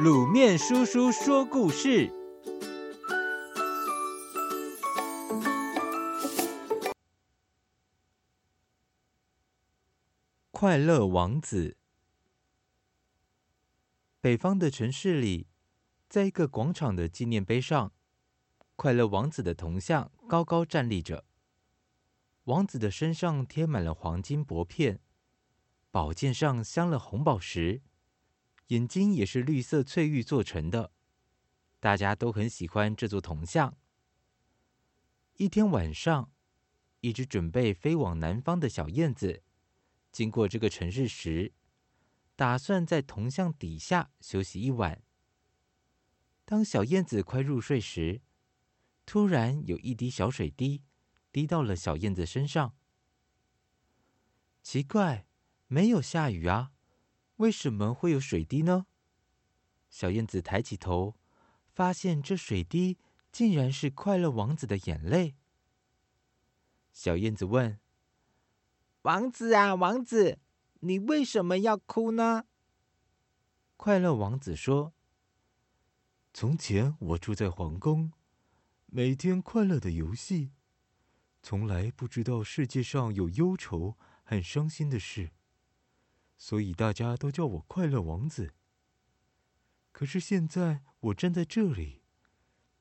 滷麵叔叔說故事：快樂王子。北方的城市裡，在一個廣場的紀念碑上，快樂王子的銅像高高站立着。王子的身上貼滿了黃金薄片，寶劍上鑲了紅寶石。眼睛也是綠色翠玉做成的，大家都很喜歡這座銅像。一天晚上，一隻準備飛往南方的小燕子經過這個城市時，打算在銅像底下休息一晚。當小燕子快入睡時，突然有一滴小水滴滴到了小燕子身上。奇怪，沒有下雨啊！為什麼會有水滴呢？小燕子抬起頭，發現這水滴竟然是快樂王子的眼淚。小燕子問：“王子啊，王子，你為什麼要哭呢？”快樂王子說：“從前我住在皇宮，每天快樂的遊戲，從來不知道世界上有憂愁和傷心的事。”所以大家都叫我快樂王子。可是現在我站在這裡，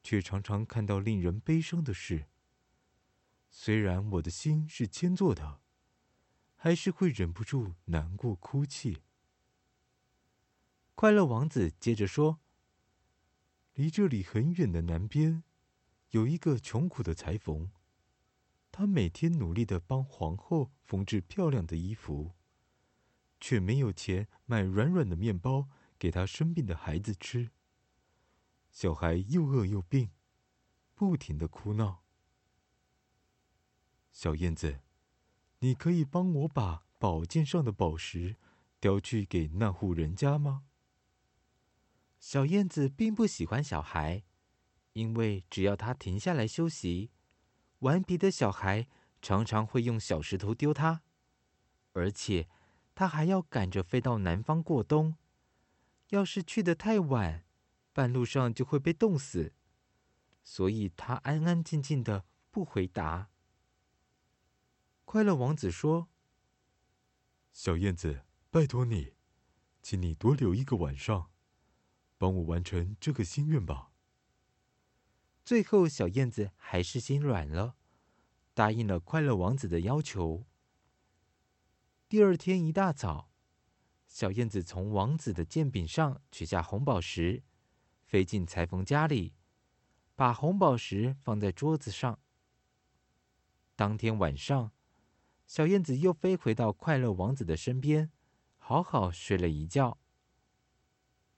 卻常常看到令人悲傷的事。雖然我的心是鉛做的，還是會忍不住難過哭泣。快樂王子接着說：“離這裡很遠的南邊，有一個窮苦的裁縫，他每天努力的幫皇后縫制漂亮的衣服。”卻沒有錢買軟軟的麵包給他生病的孩子吃。小孩又餓又病，不停的哭鬧。小燕子，你可以幫我把寶劍上的寶石，叼去給那戶人家嗎？小燕子並不喜歡小孩，因為只要他停下來休息，頑皮的小孩常常會用小石頭丟它，而且。他還要趕着飛到南方過冬，要是去的太晚，半路上就會被凍死。所以，他安安靜靜的不回答。快樂王子說：“小燕子，拜托你，請你多留一個晚上，幫我完成這個心願吧。”最後，小燕子還是心軟了，答應了快樂王子的要求。第二天一大早，小燕子從王子的劍柄上取下紅寶石，飛進裁縫家裡，把紅寶石放在桌子上。當天晚上，小燕子又飛回到快樂王子的身邊，好好睡了一覺。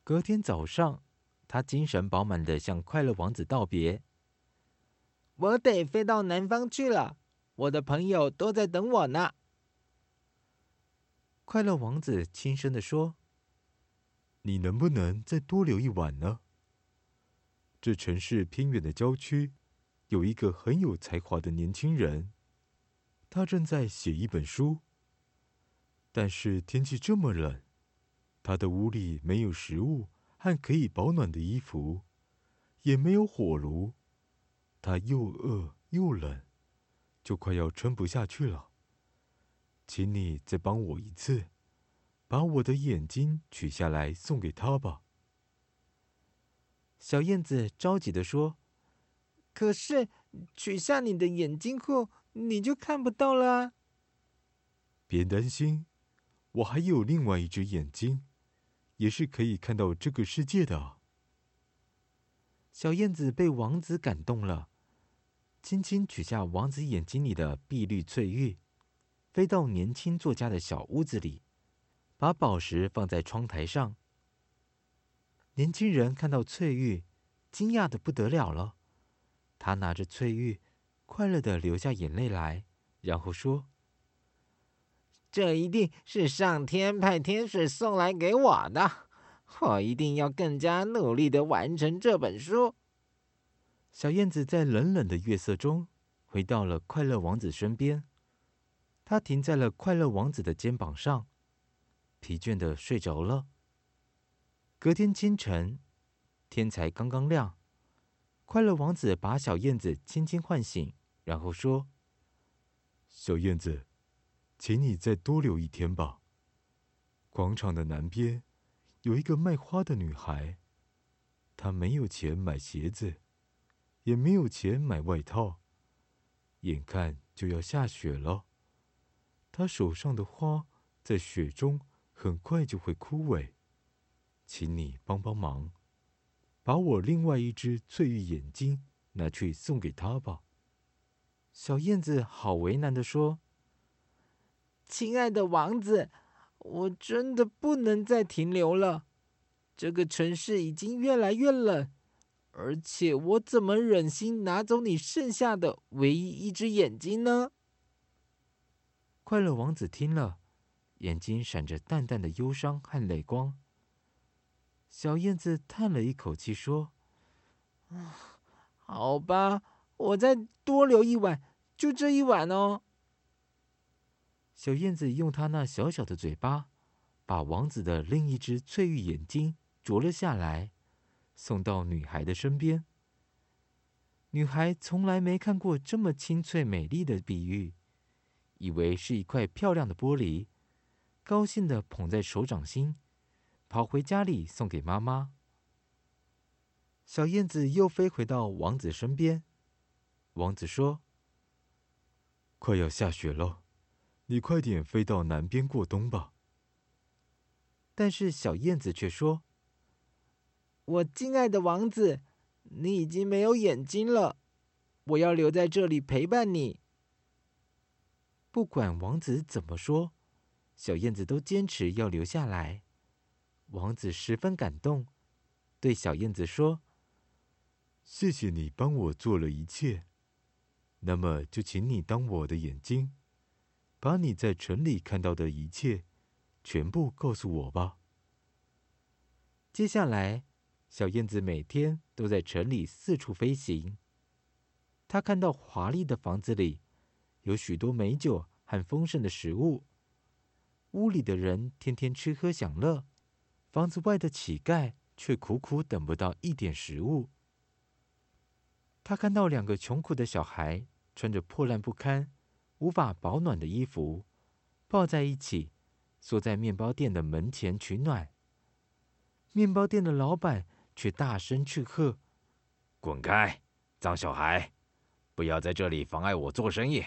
隔天早上，他精神飽滿的向快樂王子道別：“我得飛到南方去了，我的朋友都在等我呢。”快樂王子輕聲地說：“你能不能再多留一晚呢？這城市偏遠的郊區，有一個很有才華的年輕人，他正在寫一本書。但是天氣這麼冷，他的屋裡沒有食物和可以保暖的衣服，也沒有火爐，他又餓又冷，就快要撐不下去了。”請你再幫我一次，把我的眼睛取下來送給他吧。”小燕子着急地說，“可是取下你的眼睛後，你就看不到了。”別擔心，我還有另外一隻眼睛，也是可以看到這個世界的。小燕子被王子感動了，輕輕取下王子眼睛裡的碧綠翠玉。飛到年輕作家的小屋子裡，把寶石放在窗台上。年輕人看到翠玉，驚訝得不得了了。他拿着翠玉，快樂地流下眼淚來，然後說：“這一定是上天派天使送來給我的，我一定要更加努力地完成這本書。”小燕子在冷冷的月色中，回到了快樂王子身邊。他停在了快樂王子的肩膀上，疲倦地睡着了。隔天清晨，天才剛剛亮，快樂王子把小燕子輕輕喚醒，然後說：“小燕子，請你再多留一天吧。廣場的南邊有一個賣花的女孩，她沒有錢買鞋子，也沒有錢買外套，眼看就要下雪了。”他手上的花在雪中很快就會枯萎，請你幫幫忙，把我另外一隻翠玉眼睛拿去送給他吧。小燕子好為難地說：“親愛的王子，我真的不能再停留了。這個城市已經越來越冷，而且我怎麼忍心拿走你剩下的唯一一隻眼睛呢？”快樂王子聽了，眼睛閃着淡淡的憂傷和淚光。小燕子嘆了一口氣說：“啊，好吧，我再多留一晚，就這一晚哦。”小燕子用她那小小的嘴巴，把王子的另一隻翠玉眼睛啄了下來，送到女孩的身邊。女孩從來沒看過這麼清脆美麗的碧玉。以為是一塊漂亮的玻璃，高興的捧在手掌心，跑回家裡送給媽媽。小燕子又飛回到王子身邊，王子說：“快要下雪了，你快點飛到南邊過冬吧。”但是小燕子卻說：“我親愛的王子，你已經沒有眼睛了，我要留在這裡陪伴你。”不管王子怎麼說，小燕子都堅持要留下來。王子十分感動，對小燕子說：“謝謝你幫我做了一切，那麼就請你當我的眼睛，把你在城裡看到的一切全部告訴我吧。”接下來，小燕子每天都在城裡四處飛行。她看到華麗的房子裡，有許多美酒和豐盛的食物，屋裡的人天天吃喝享樂，房子外的乞丐卻苦苦等不到一點食物。他看到兩個窮苦的小孩穿着破爛不堪、無法保暖的衣服，抱在一起縮在面包店的門前取暖。麵包店的老板卻大聲斥喝：“滾開，髒小孩！不要在這裡妨礙我做生意。”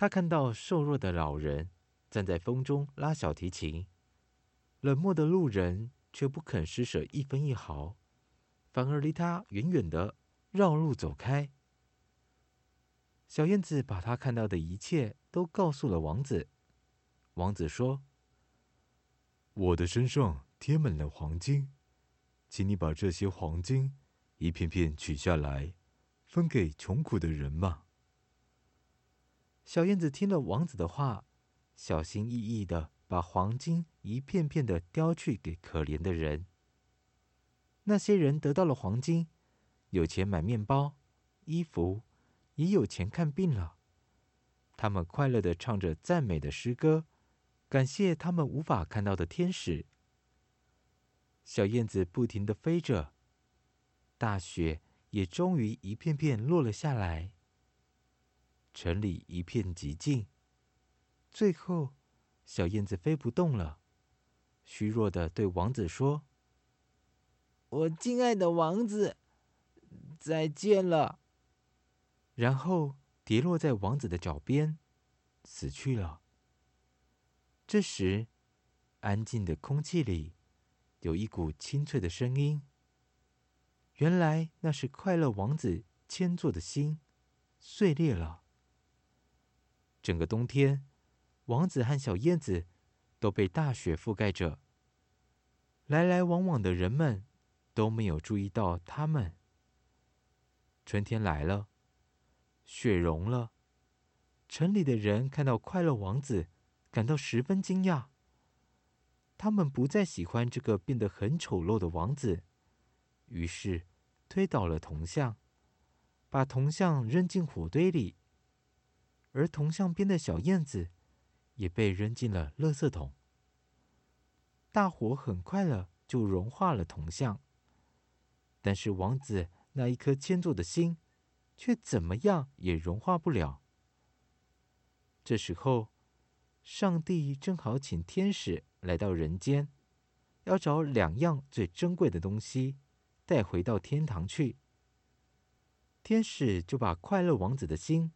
他看到瘦弱的老人站在風中拉小提琴，冷漠的路人卻不肯施舍一分一毫，反而離他遠遠的繞路走開。小燕子把他看到的一切都告訴了王子。王子說：“我的身上貼滿了黃金，請你把這些黃金一片片取下來，分給窮苦的人吧。”小燕子聽了王子的話，小心翼翼的把黃金一片片的叼去給可憐的人。那些人得到了黃金，有錢買麵包、衣服，也有錢看病了。他們快樂的唱着讚美的詩歌，感謝他們無法看到的天使。小燕子不停的飛着，大雪也終於一片片落了下來。城裡一片寂靜。最後，小燕子飛不動了，虛弱地對王子說：“我敬愛的王子，再見了。”然後跌落在王子的腳邊，死去了。這時，安靜的空氣裡有一股清脆的聲音。原來那是快樂王子鉛做的心碎裂了。整個冬天，王子和小燕子都被大雪覆蓋着。來來往往的人們都沒有注意到他們。春天來了，雪融了，城裡的人看到快樂王子感到十分驚訝。他們不再喜歡這個變得很醜陋的王子，於是推倒了銅像，把銅像扔進火堆裡。而銅像邊的小燕子也被扔進了垃圾桶。大火很快的就融化了銅像，但是王子那一顆鉛做的心卻怎麼樣也融化不了。這時候，上帝正好請天使來到人間，要找兩樣最珍貴的東西帶回到天堂去。天使就把快樂王子的心。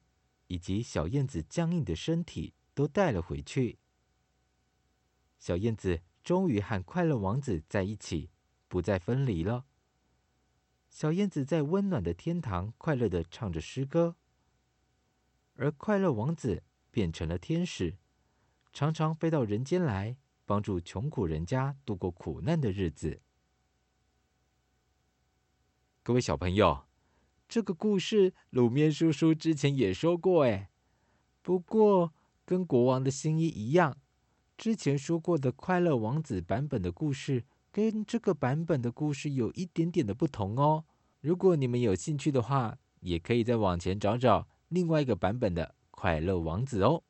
以及小燕子僵硬的身體都帶了回去。小燕子終於和快樂王子在一起，不再分離了。小燕子在溫暖的天堂快樂的唱着詩歌，而快樂王子變成了天使，常常飛到人間來，幫助窮苦人家度過苦難的日子。各位小朋友。這個故事，滷麵叔叔之前也說過誒。不過跟國王的新衣一樣，之前說過的快樂王子版本的故事，跟這個版本的故事有一點點的不同哦。如果你們有興趣的話，也可以再往前找找另外一個版本的快樂王子哦。